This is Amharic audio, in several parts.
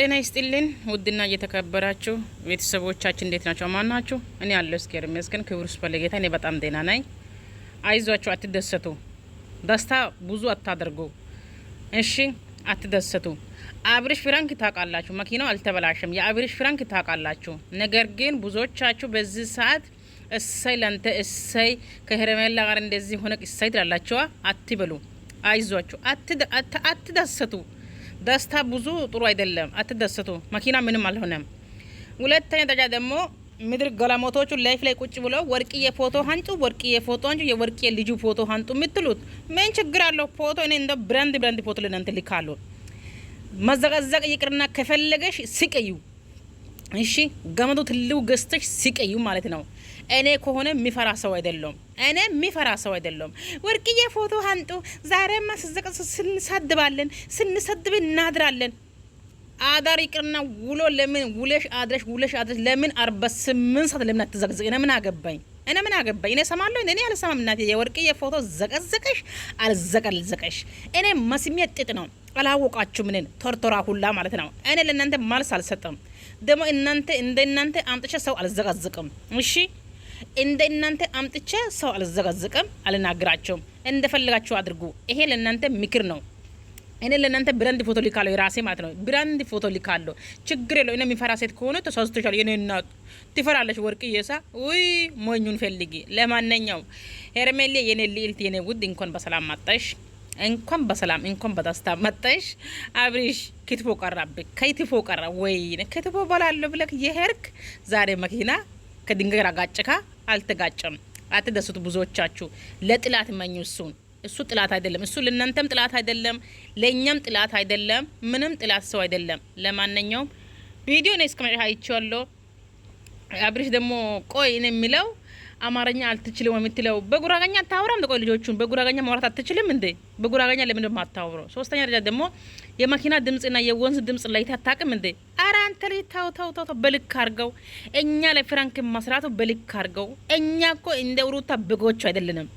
ጤና ይስጥልን ውድና እየተከበራችሁ ቤተሰቦቻችን እንዴት ናቸው? ማን ናችሁ? እኔ ያለው እስኪር የሚያስገን ክብር ውስጥ ፈለጌታ እኔ በጣም ጤና ነኝ። አይዟችሁ፣ አትደሰቱ። ደስታ ብዙ አታደርጉ። እሺ፣ አትደሰቱ። አብሪሽ ፍራንክ ታውቃላችሁ፣ መኪናው አልተበላሸም። የአብርሽ ፍራንክ ታውቃላችሁ። ነገር ግን ብዙዎቻችሁ በዚህ ሰዓት እሰይ ለንተ እሰይ ከሄረሜላ ጋር እንደዚህ ሆነ እሰይ ትላላችኋ። አትበሉ፣ አይዟችሁ፣ አትደሰቱ። ደስታ ብዙ ጥሩ አይደለም። አትደሰቱ። መኪና ምንም አልሆነም። ሁለተኛ ደረጃ ደግሞ ምድር ገላሞቶቹ ላይፍ ላይ ቁጭ ብለው ወርቅዬ ፎቶ አንጩ፣ ወርቅዬ ፎቶ አንጩ፣ የወርቅዬ ልጁ ፎቶ አንጡ የምትሉት ምን ችግር አለው? ፎቶ እኔ እንደ ብራንድ ብራንድ ፎቶ ለእናንተ ልካሉ። መዘቀዘቅ ይቅርና ከፈለገሽ ስቀዩ፣ እሺ ገመዱ ትልው ገዝተሽ ስቀዩ ማለት ነው። እኔ ከሆነ የሚፈራ ሰው አይደለም። እኔ የሚፈራ ሰው አይደለም። ወርቅዬ ፎቶ አንጡ። ዛሬማ ስዘቀ ስንሰድባለን ስንሰድብ እናድራለን። አዳር ይቅርና ውሎ ለምን ውለሽ አድረሽ ውለሽ አድረሽ ለምን አርባ ስምንት ሰዓት ለምን አትዘቅዘቅ? እኔ ምን አገባኝ? እኔ ምን አገባኝ? እኔ ሰማለሁ። እኔ አልሰማም። እናቴ የወርቅዬ ፎቶ ዘቀዘቀሽ አልዘቀልዘቀሽ እኔ መስሜ ጥጥ ነው። አላወቃችሁ ምንን ቶርቶራ ሁላ ማለት ነው። እኔ ለእናንተ ማልስ አልሰጠም። ደግሞ እናንተ እንደ እናንተ አምጥቼ ሰው አልዘቀዝቅም። እሺ እንደ እናንተ አምጥቼ ሰው አልዘጋዘቀም፣ አልናግራቸውም። እንደፈለጋቸው አድርጉ። ይሄ ለእናንተ ምክር ነው። እኔ ለእናንተ ብራንድ ፎቶ ልካለሁ፣ የራሴ ማለት ነው። ብራንድ ፎቶ ልካለሁ፣ ችግር የለው። እኔ የሚፈራ ሴት ከሆነ ተሳስቶሻል። የኔ እናት ትፈራለች። ወርቅ እየሳ ውይ ሞኙን ፈልጊ። ለማንኛውም ሄርሜሌ የኔ ልዕልት፣ የኔ ውድ እንኳን በሰላም መጣሽ፣ እንኳን በሰላም እንኳን በደስታ መጣሽ። አብሪሽ ክትፎ ቀራብ፣ ከይትፎ ቀራ ወይ ክትፎ በላለሁ ብለህ የሄርክ ዛሬ መኪና ከድንገር አጋጭካ አልተጋጨም። አትደሱት። ብዙዎቻችሁ ለጥላት መኙ እሱን እሱ ጥላት አይደለም። እሱ ለእናንተም ጥላት አይደለም፣ ለእኛም ጥላት አይደለም። ምንም ጥላት ሰው አይደለም። ለማንኛውም ቪዲዮ ነው እስከመጨረሻ አይቼዋለሁ። አብሪሽ ደግሞ ቆይ ነው የሚለው አማርኛ አልትችልም የምትለው በጉራገኛ አታወራም? ቆይ ልጆቹን በጉራገኛ ማውራት አትችልም እንዴ? በጉራገኛ ለምን ደሞ ሶስተኛ ደረጃ ደግሞ የመኪና ድምጽና የወንዝ ድምጽ ላይ ታታቅም እንዴ? ኧረ አንተ ልጅ ተው ተው ተው፣ በልክ አርገው። እኛ ለፍራንክ መስራቱ በልክ አርገው። እኛ እኮ እንደ ሩታ በጎቹ አይደለንም።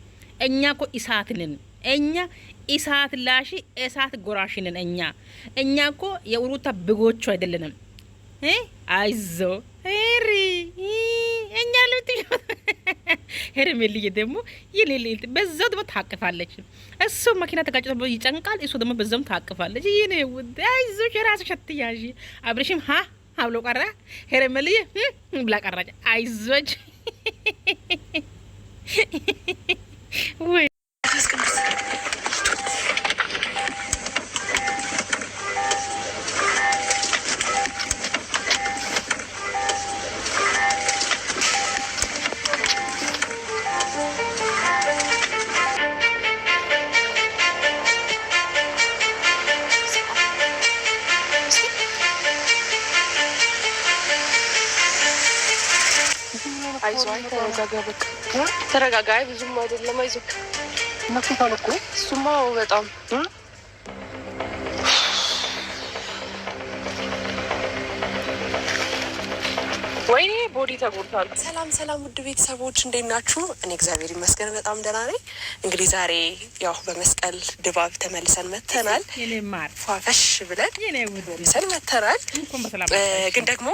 እኛ እኮ እሳት ነን። እኛ እሳት ላሺ እሳት ጎራሽ ነን። እኛ እኛ እኮ የሩታ በጎቹ አይደለንም። አይዞ ሪ እኛ ልምት ሄርሜልዬ ደግሞ የሌለ በዛው ደግሞ ታቅፋለች። እሱ መኪና ተጋጭቶ ይጨንቃል፣ እሱ ደግሞ በዛውም ታቅፋለች። ይህን ውድ አይዞሽ የራስሽ አትያዢ። አብርሽም ሀ አብሎ ቀረ፣ ሄርሜልዬ ብላ ቀራጭ አይዞች ተረጋጋይ። ብዙም አይደለም፣ አይዞህ። ነክቷል እኮ እሱማ። በጣም ወይኔ ቦዲ ተጎድቷል። ሰላም ሰላም፣ ውድ ቤተሰቦች እንዴት ናችሁ? እኔ እግዚአብሔር ይመስገን በጣም ደህና ነኝ። እንግዲህ ዛሬ ያው በመስቀል ድባብ ተመልሰን መተናል። ፏፈሽ ብለን ተመልሰን መተናል። ግን ደግሞ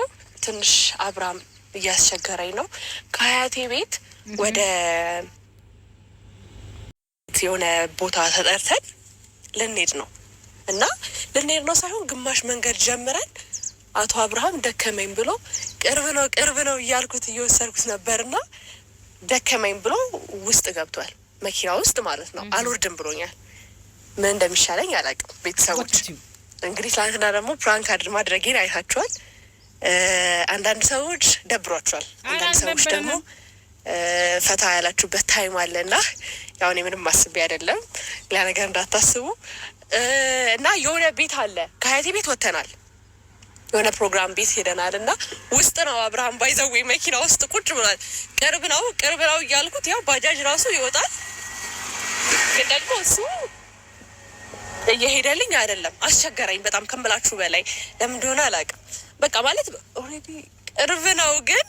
ትንሽ አብራም እያስቸገረኝ ነው ከሀያቴ ቤት ወደ የሆነ ቦታ ተጠርተን ልንሄድ ነው እና ልንሄድ ነው ሳይሆን ግማሽ መንገድ ጀምረን አቶ አብርሃም ደከመኝ ብሎ ቅርብ ነው ቅርብ ነው እያልኩት እየወሰድኩት ነበርና ደከመኝ ብሎ ውስጥ ገብቷል፣ መኪና ውስጥ ማለት ነው። አልወርድም ብሎኛል። ምን እንደሚሻለኝ አላውቅም። ቤተሰቦች እንግዲህ ትላንትና ደግሞ ፕራንክ ማድረጌን አይታችኋል። አንዳንድ ሰዎች ደብሯቸዋል፣ አንዳንድ ሰዎች ደግሞ ፈታ ያላችሁበት ታይም አለና ያው እኔ ምንም አስቤ አይደለም ሌላ ነገር እንዳታስቡ። እና የሆነ ቤት አለ ከሀያቴ ቤት ወጥተናል የሆነ ፕሮግራም ቤት ሄደናል እና ውስጥ ነው አብርሃም ወይ መኪና ውስጥ ቁጭ ብሏል። ቅርብ ነው ቅርብ ነው እያልኩት ያው ባጃጅ ራሱ ይወጣል። ግን ደግሞ እሱ እየሄደልኝ አይደለም። አስቸገረኝ በጣም ከምላችሁ በላይ ለምን እንደሆነ አላውቅም። በቃ ማለት ኦልሬዲ ቅርብ ነው ግን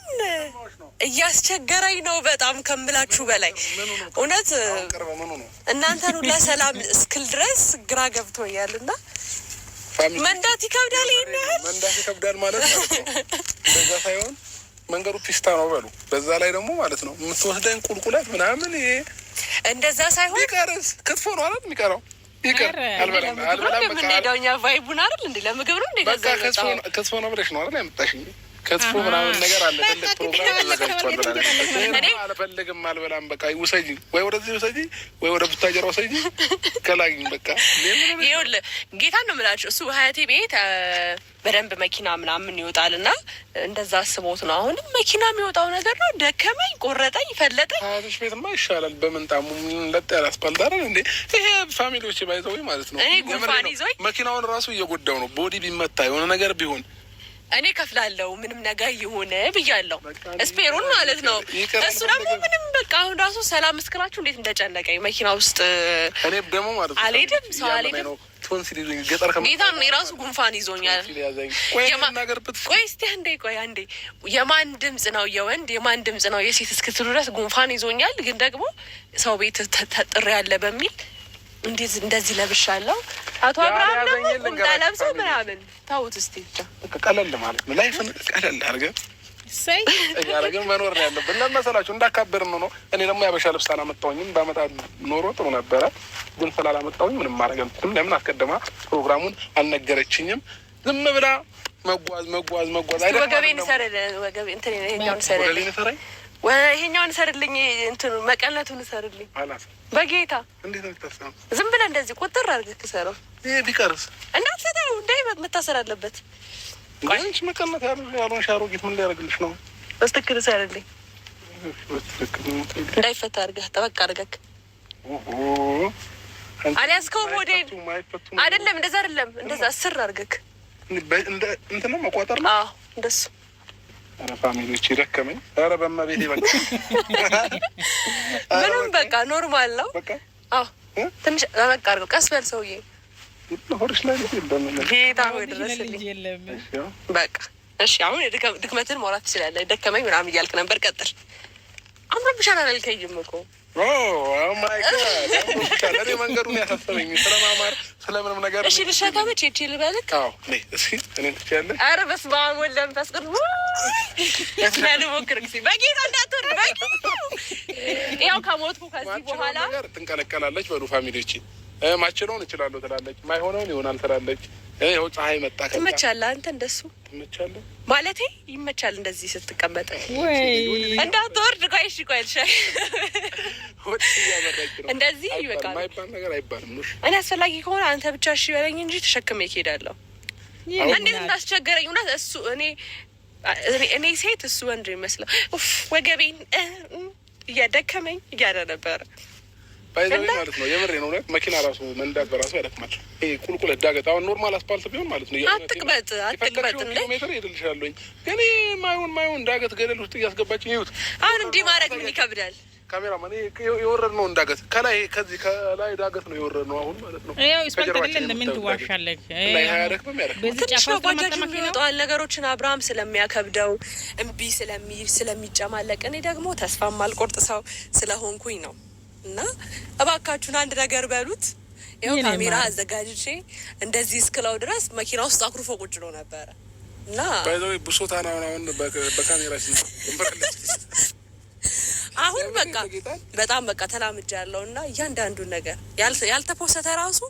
እያስቸገረኝ ነው በጣም ከምላችሁ በላይ እውነት እናንተን ሁላ ሰላም እስክል ድረስ ግራ ገብቶኛል እና መንዳት ይከብዳል። ይሄን ያህል መንዳት ይከብዳል ማለት ነው። በዛ ሳይሆን መንገዱ ፒስታ ነው በሉ። በዛ ላይ ደግሞ ማለት ነው የምትወስደን ቁልቁለት ምናምን ይሄ እንደዛ ሳይሆን ቢቀርስ ክትፎ ነው አለት የሚቀረው ቢቀር አልበላም የምንሄደው እኛ ቫይቡን አይደል እንዴ? ለምግብ ነው እንዴ? ገዛ ክትፎ ነው ብለሽ ነው አይደል ያመጣሽኝ ክትፎ ምናምን ነገር አለ። ትልቅ ፕሮግራም ተዘጋጅቷል አልፈልግም አልበላም፣ በቃ ውሰጂ፣ ወይ ወደዚህ ውሰጂ፣ ወይ ወደ ቡታጀራ ውሰጂ፣ ከላግኝ በቃ ይኸውልህ፣ ጌታ ነው የምላቸው። እሱ ሀያቴ ቤት በደንብ መኪና ምናምን ይወጣል እና እንደዛ አስቦት ነው። አሁንም መኪና የሚወጣው ነገር ነው። ደከመኝ፣ ቆረጠኝ፣ ፈለጠኝ። ሀያቶች ቤትማ ይሻላል። በምንጣሙ ለጥ ያለ አስፓልት አይደል እንዴ? ይሄ ፋሚሊዎች ባይዘው ማለት ነው። እኔ ጉንፋን ይዞኝ መኪናውን ራሱ እየጎዳው ነው። ቦዲ ቢመታ የሆነ ነገር ቢሆን እኔ ከፍላለው ምንም ነገር ይሁን ብያለው፣ ስፔሩን ማለት ነው። እሱ ደግሞ ምንም በቃ አሁን ራሱ ሰላም ምስክራችሁ እንዴት እንደጨነቀኝ መኪና ውስጥ እኔ ደግሞ ማለት ነው አልሄድም፣ ሰው አልሄድም። ጌታ የራሱ ጉንፋን ይዞኛል። ቆይ እስቲ አንዴ ቆይ አንዴ፣ የማን ድምጽ ነው የወንድ የማን ድምጽ ነው የሴት እስክትሉ ድረስ ጉንፋን ይዞኛል። ግን ደግሞ ሰው ቤት ተጥሬ ያለ በሚል እንዴት እንደዚህ ለብሻለሁ። አቶ አብርሃም ደግሞ ቁምጣ ለብሶ ምናምን ታውት እስቲ ብቻ ቀለል ማለት ነው። ላይፍን ቀለል አድርገን እያደረግን መኖር ነው ያለብን። ለምን መሰላችሁ? እንዳካበርን ነው ነው። እኔ ደግሞ ያበሻ ልብስ አላመጣሁኝም። በመጣ ኖሮ ጥሩ ነበረ፣ ግን ስላላመጣሁኝ ምንም ማድረግ አልኩኝ። ለምን አስቀድማ ፕሮግራሙን አልነገረችኝም? ዝም ብላ መጓዝ መጓዝ መጓዝ ወገቤን ሰረ ወገቤ እንትን ይሄኛውን ሰረ ይሄኛውን ሰርልኝ፣ እንትኑ መቀነቱን ሰርልኝ። በጌታ ዝም ብለህ እንደዚህ ቁጥር አድርገህ ክሰረው። ይሄ ቢቀርስ እንዳትሰጠው እንዳይ መታሰር አለበት። ይህች መቀነት ያልሆንሽ አሮጊት ምን ሊያደርግልሽ ነው? በስትክል ሰርልኝ፣ እንዳይፈታ አድርገህ ጠበቅ አድርገህ አልያዝከውም። ሞዴል አይደለም፣ እንደዛ አይደለም፣ እንደዛ እስር አድርገህ እንትን መቋጠር ነው እንደሱ ኧረ ፋሚሊዎች ይረከመኝ። ኧረ በእመቤቴ በቃ ምንም በቃ ኖርማል ነው። ትንሽ ረቅ አድርገው ቀስ በል ሰውዬ ሆርሽ ላይ ጌታ ድረስልኝ በቃ እሺ። አሁን ድክመትን ማውራት ትችላለህ። ደከመኝ ምናምን እያልክ ነበር። ቀጥል። አምሮብሻል አላልከኝም እኮ መንገዱን ያሳሰበኝ ስለማማር ስለምንም ነገር እሺ፣ ልሸከምሽ ይቺ ልበልክ። ኧረ በስመ አብ ወወልድ ወመንፈስ ቅዱስ ልሞክር ጊዜ በጌታ እንዳትወርድ በጌታ ያው ከሞትኩ ከዚህ በኋላ ትንቀለቀላለች በሉ ፋሚሊዎችን ማችለውን እችላለሁ ትላለች፣ ማይሆነውን ይሆናል ትላለች። ይኸው ፀሐይ መጣ። ትመቻለህ አንተ እንደሱ ትመቻለህ ማለቴ ይመቻል። እንደዚህ ስትቀመጠ እንዳትወርድ። ቆይ እሺ፣ ቆይ ልሻ እንደዚህ ይበቃል። ማይባል ነገር አይባልም። እኔ አስፈላጊ ከሆነ አንተ ብቻ እሺ በለኝ እንጂ ተሸክሜ እሄዳለሁ። እንዴት እንዳስቸገረኝ እውነት እሱ እኔ እኔ ሴት እሱ ወንድ ይመስለው ወገቤን እያደከመኝ እያለ ነበረ ባይዘቤ ማለት ነው። የምሬ ነው። መኪና ራሱ መንዳት በራሱ ያደክማል። ይሄ ቁልቁል አሁን ኖርማል አስፓልት ቢሆን ማለት ነው አትቅበጥ አትቅበጥ ሜትር ግን ማይሆን ማይሆን ገደል ውስጥ አሁን እንዲህ ማድረግ ምን ይከብዳል? የወረድ ነው እንዳገት ከላይ ከዚህ ከላይ ዳገት ነው የወረድ ነው። አሁን ማለት ነው ያው ስፓልት ምን ትንሽ ነው ባጃጅ የሚወጣዋል። ነገሮችን አብርሃም ስለሚያከብደው እምቢ ስለሚጨማለቅ እኔ ደግሞ ተስፋ ማልቆርጥ ሰው ስለሆንኩኝ ነው እና እባካችሁን አንድ ነገር በሉት። ያው ካሜራ አዘጋጅቼ እንደዚህ እስክለው ድረስ መኪና ውስጥ አኩርፎ ቁጭ ብሎ ነበረ እና በካሜራ አሁን በቃ በጣም በቃ ተላምጃ ያለው እና እያንዳንዱን ነገር ያልተፖሰተ ራሱ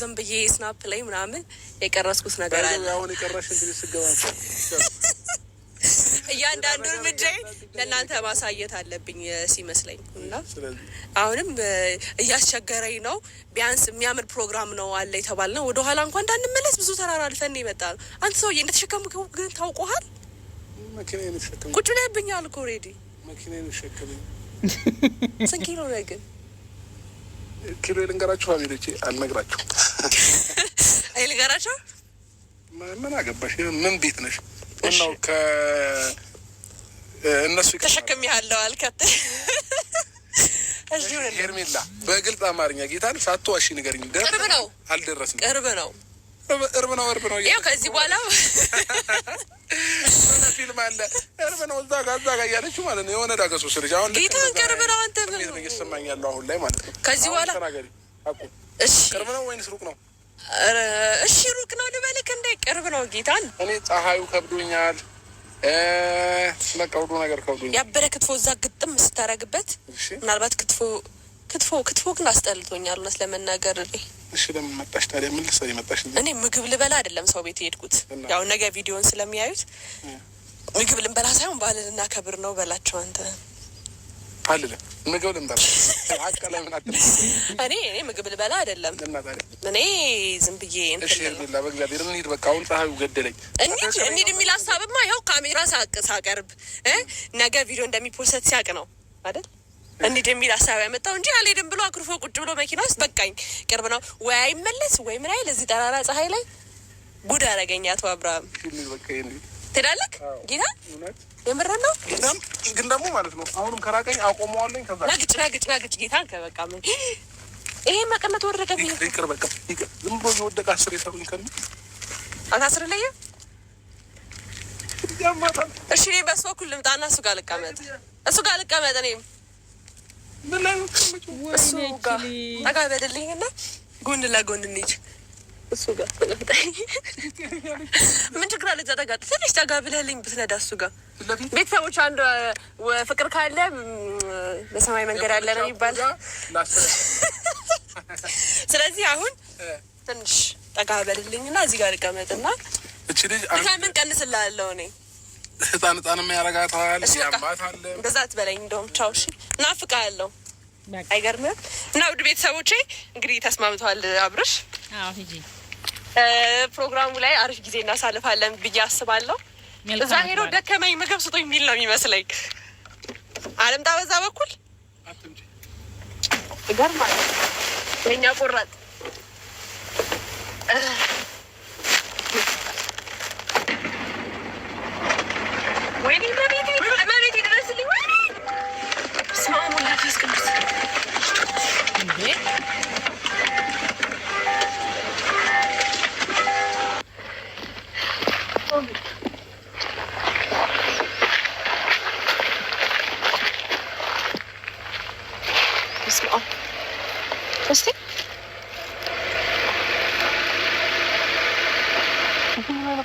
ዝም ብዬ ስናፕ ላይ ምናምን የቀረስኩት ነገር አለ። እያንዳንዱ እርምጃ ለእናንተ ማሳየት አለብኝ ሲመስለኝ እና አሁንም እያስቸገረኝ ነው። ቢያንስ የሚያምር ፕሮግራም ነው አለ የተባለ ነው። ወደኋላ እንኳ እንዳንመለስ ብዙ ተራራ አልፈን የመጣ ነው። አንተ ሰውዬ እንደተሸከሙ ግን ታውቀሃል። ቁጭ ብለህብኛል እኮ ሬዲ ስንት ኪሎ ነው ግን? ኪሎ ልንገራችሁ? ፋሚሊዎቼ አልነግራችሁም። ልንገራቸው ምን አገባሽ? ምን ቤት ነሽ? ነው ከእነሱ ተሸክም ያለው አልከት ሄርሜላ፣ በግልጽ አማርኛ ጌታን ሳትዋሺ ንገሪኝ። ቅርብ ነው አልደረስንም። ቅርብ ነው እርብ ነው እርብ ነው። ያው ከዚህ በኋላ ፊልም አለ እርብ ነው እዛ ጋ እዛ ጋ እያለችው ማለት ነው። የሆነ ዳገሶ ስርጅ አሁን ጌታን ቅርብ ነው አንተ እየተሰማኝ ያለው አሁን ላይ ማለት ነው። ከዚህ በኋላ ቅርብ ነው ወይንስ ሩቅ ነው? እሺ ሩቅ ነው ልበልክ እንደ ቅርብ ነው ጌታን። እኔ ፀሐዩ ከብዶኛል፣ በቃ ሁሉ ነገር ከብዶኛል። ያበረ ክትፎ እዛ ግጥም ስታረግበት ምናልባት ክትፎ ክትፎ ክትፎ ግን አስጠልቶኛል እውነት ለመናገር እኔ። እሺ ለምን መጣሽ ታዲያ? ምን ልትሰሪ መጣሽ? እኔ ምግብ ልበላ አይደለም ሰው ቤት የሄድኩት፣ ያው ነገ ቪዲዮን ስለሚያዩት ምግብ ልንበላ ሳይሆን ባልልና ከብር ነው በላቸው አንተ አልልም። ምግብ ልምበላ እኔ እኔ ምግብ ልበላ አይደለም እኔ ዝም ብዬ በቃ አሁን ፀሐዩ ገደለኝ። እንሂድ እንሂድ የሚል ሀሳብማ ያው ካሜራ ሳቅ ሳቀርብ ነገ ቪዲዮ እንደሚፖሰት ሲያቅ ነው አይደል? እንሂድ የሚል ሀሳብ ያመጣው እንጂ አልሄድም ብሎ አኩርፎ ቁጭ ብሎ መኪና ውስጥ በቃኝ። ቅርብ ነው ወይ አይመለስ ወይ ምን አይል። እዚህ ጠራራ ፀሐይ ላይ ጉድ አረገኝ አቶ አብርሃም ትላለህ ጌታ የምረን ነው ግን ደግሞ ማለት ነው አሁንም ከራቀኝ አቆመዋለኝ። ከዛ ረግጭ ረግጭ ረግጭ ጌታ ከበቃ ምን ይሄ መቀመጥ ወረቀ ይቅር በቃ ይቅር። ዝም ብሎ የወደቀ አስር የሰሩኝ ከሚ አታስር ለየ እሺ፣ እኔ በሱ በኩል ልምጣና እሱ ጋር ልቀመጥ እሱ ጋር ልቀመጥ እኔም እሱ ጋር ጠጋ በደልኝና ጎን ለጎን እንሂድ እሱ ጋር ተጋጣ። ምን ችግር አለ? እዛ ተጋጣ። ትንሽ ጠጋ ብለልኝ ብትነዳ እሱ ጋር ቤተሰቦች፣ አንዱ ፍቅር ካለ በሰማይ መንገድ አለ ነው ይባላል። ስለዚህ አሁን ትንሽ ጠጋ በልልኝ እና እዚህ ጋር ልቀመጥና ምን ቀንስላለው እኔ ህፃን ህፃን የሚያረጋታል ያምባታል። እንደዛ አትበለኝ። እንደውም ቻው እሺ። ናፍቅሃለሁ። አይገርምም? እና ውድ ቤተሰቦቼ እንግዲህ ተስማምተዋል አብርሽ አዎ ሂጂ ፕሮግራሙ ላይ አሪፍ ጊዜ እናሳልፋለን ብዬ አስባለሁ። እዛ ሄዶ ደከመኝ ምግብ ስጦ የሚል ነው የሚመስለኝ። አለምጣ በዛ በኩል ገርማል። የኛ ቆራጥ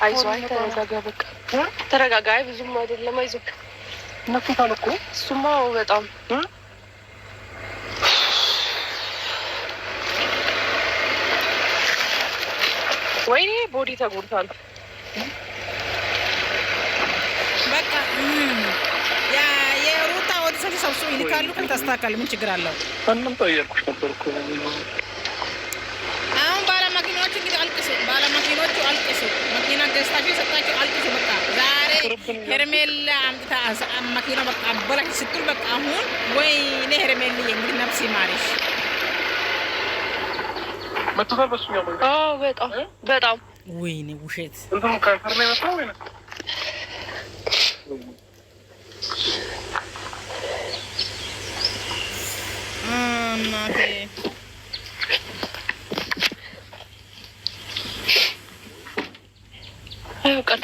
አይዞህ ተረጋጋ፣ ብዙም አይደለም፣ አይዞህ ነፍታል እኮ እሱማ። በጣም ወይኔ ቦዲ ተጎድቷል። በቃ የሩታ ወደ ሰብስብ ይልካሉ። ተስተካከል። ምን ችግር አለው? ምንም አልቅሱ። በቃ ዛሬ ሄርሜላ አምጥታ መኪና በቃ አበላሽ ስትል በቃ አሁን ወይኔ ሄርሜልዬ፣ እንግዲህ ነፍስ ይማርሽ። በጣም በጣም ወይኔ ውሸት እናቴ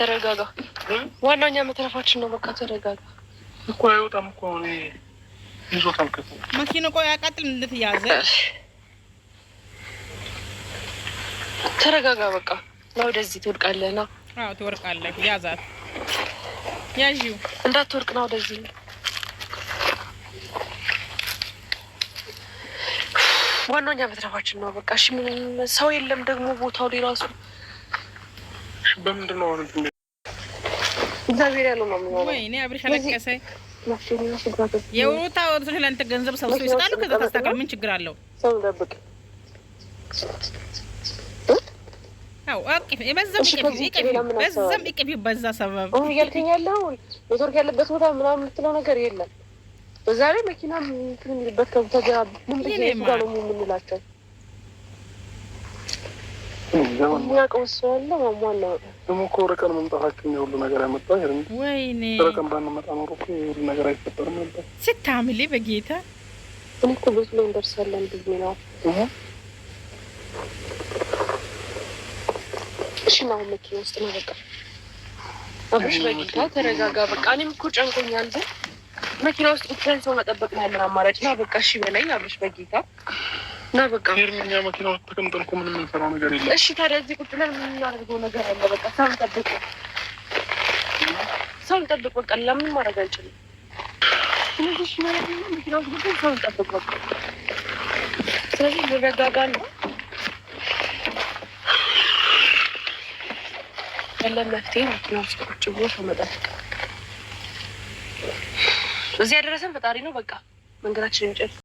ተረጋጋ። ዋናኛ መትረፋችን ነው። በቃ ተረጋጋ እኮ አይወጣም እኮ አሁን ይዞታል። መኪና ቆይ አቃጥል እንድትያዘ ተረጋጋ። በቃ ና ወደዚህ ትወድቃለህ። ና ትወድቃለህ። ያዛት ያዥው እንዳትወድቅ ና ወደዚህ ዋናው እኛ መትረፋችን ነው። በቃ እሺ፣ ምንም ሰው የለም ደግሞ ቦታው ላይ ራሱ በምንድን ነው እግዚአብሔር ያለው ነው። ወይኔ አብሬሽ አለቀሰ። የውታ ወርሶች ለአንተ ገንዘብ ሰብሶ ይሰጣሉ። ከዛ ታስታክል። ምን ችግር አለው? በዛም ይቅፊ። በዛ ሰበብ እያልከኝ ያለው ኔትወርክ ያለበት ቦታ ምናምን የምትለው ነገር የለም። በዛ ላይ መኪና ምንበት ከብተጋ ምን ብዬ ጋር ነው የምንላቸው ስታምሌ በጌታ እኔ እኮ ብዙ ላይ እንደርሳለን ብዬ ነው። እሺ አሁን መኪና ውስጥ ነው። በቃ አብሽ በጌታ ተረጋጋ። በቃ እኔም እኮ ጨንቆኛል ግን መኪና ውስጥ ብቻዬን ሰው መጠበቅ ነው ያለን አማራጭ እና በቃ እሺ በለኝ። አብሽ በጌታ እና በቃ እኛ መኪና ተቀምጠን እኮ ምንም የምንሰራው ነገር የለም። እሺ ታዲያ እዚህ ቁጭ ብለን የምናደርገው ነገር አለ? በቃ ሰው እንጠብቅ፣ ሰው እንጠብቅ። በቃ ለምን ማድረግ አንችልም? ስለዚህ መኪና ውስጥ ቁጭ ሰው እንጠብቅ። በቃ ስለዚህ ልረጋጋ ነው ያለ መፍትሄ መኪና ውስጥ ቁጭ ብሎ ሰው መጠበቅ። እዚህ ያደረሰን ፈጣሪ ነው። በቃ መንገዳችን የሚጨርስ